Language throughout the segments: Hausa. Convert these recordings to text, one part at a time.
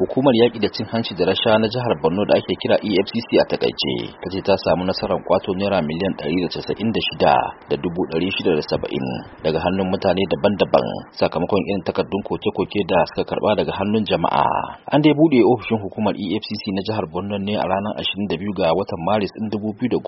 hukumar yaƙi da cin hanci da rasha na jihar borno da ake kira efcc a takaice ta ce ta samu nasarar kwato naira miliyan 196 da dubu 670 daga hannun mutane daban-daban sakamakon irin takardun koke-koke da suka karba daga hannun jama'a an dai buɗe ofishin hukumar efcc na jihar borno ne a ranar 22 ga watan maris ɗin 2011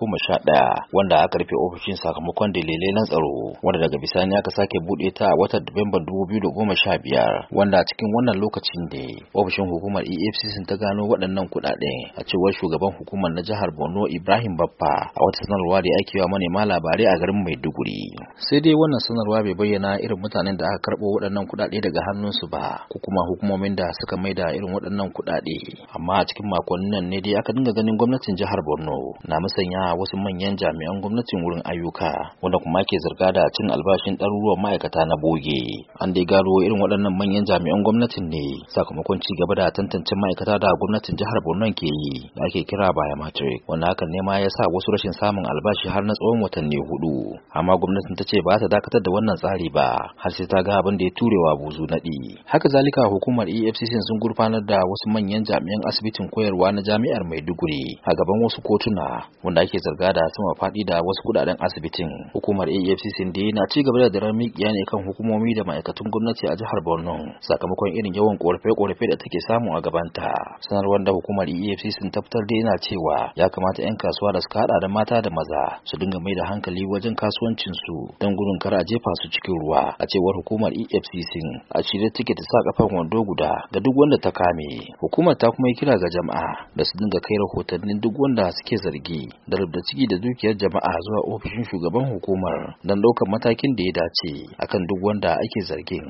wanda aka rufe ofishin sakamakon dalilai na tsaro wanda daga bisani aka sake buɗe ta a watan dubu 2015 wanda cikin wannan lokacin ne ofishin hukumar efcc ta gano waɗannan kuɗaɗe a cewar shugaban hukumar na jihar borno ibrahim baffa a wata sanarwa da ake wa manema labarai a garin maiduguri sai dai wannan sanarwa bai bayyana irin mutanen da aka karɓo waɗannan kuɗaɗe daga hannunsu ba ko kuma hukumomin da suka da irin waɗannan kuɗaɗe amma a cikin makonnin nan ne dai aka dinga ganin gwamnatin jihar borno na musanya wasu manyan jami'an gwamnatin wurin ayyuka wanda kuma ke zarga da cin albashin ɗaruruwan ma'aikata na boge an dai gano irin waɗannan manyan jami'an gwamnatin ne sakamakon ci gaba da da tantance ma'aikata da gwamnatin jihar Borno ke yi da ake kira biometric wanda hakan ne ma ya sa wasu rashin samun albashi har na tsawon watanni hudu amma gwamnatin ta ce ba ta dakatar da wannan tsari ba har sai ta ga abin da ya turewa buzu naɗi. haka zalika hukumar EFCC sun gurfanar da wasu manyan jami'an asibitin koyarwa na jami'ar Maiduguri a gaban wasu kotuna wanda ake zarga da sama faɗi da wasu kuɗaɗen asibitin hukumar EFCC dai na ci gaba da daren miƙiya ne kan hukumomi da ma'aikatan gwamnati a jihar Borno sakamakon irin yawan korafe-korafe da take samu a gabanta sanarwar da hukumar EFCC ta fitar da yana cewa ya kamata 'yan kasuwa da suka hada da mata da maza su dinga mai da hankali wajen kasuwancin su don gudun kar a jefa su cikin ruwa a cewar hukumar EFCC a shirye take ta sa kafan wando guda ga duk wanda ta kame hukumar ta kuma yi kira ga jama'a da su dinga kai rahotannin duk wanda suke zargi da rubda ciki da dukiyar jama'a zuwa ofishin shugaban hukumar don ɗaukar matakin da ya dace akan duk wanda ake zargin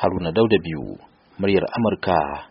haruna dauda biyu muryar amurka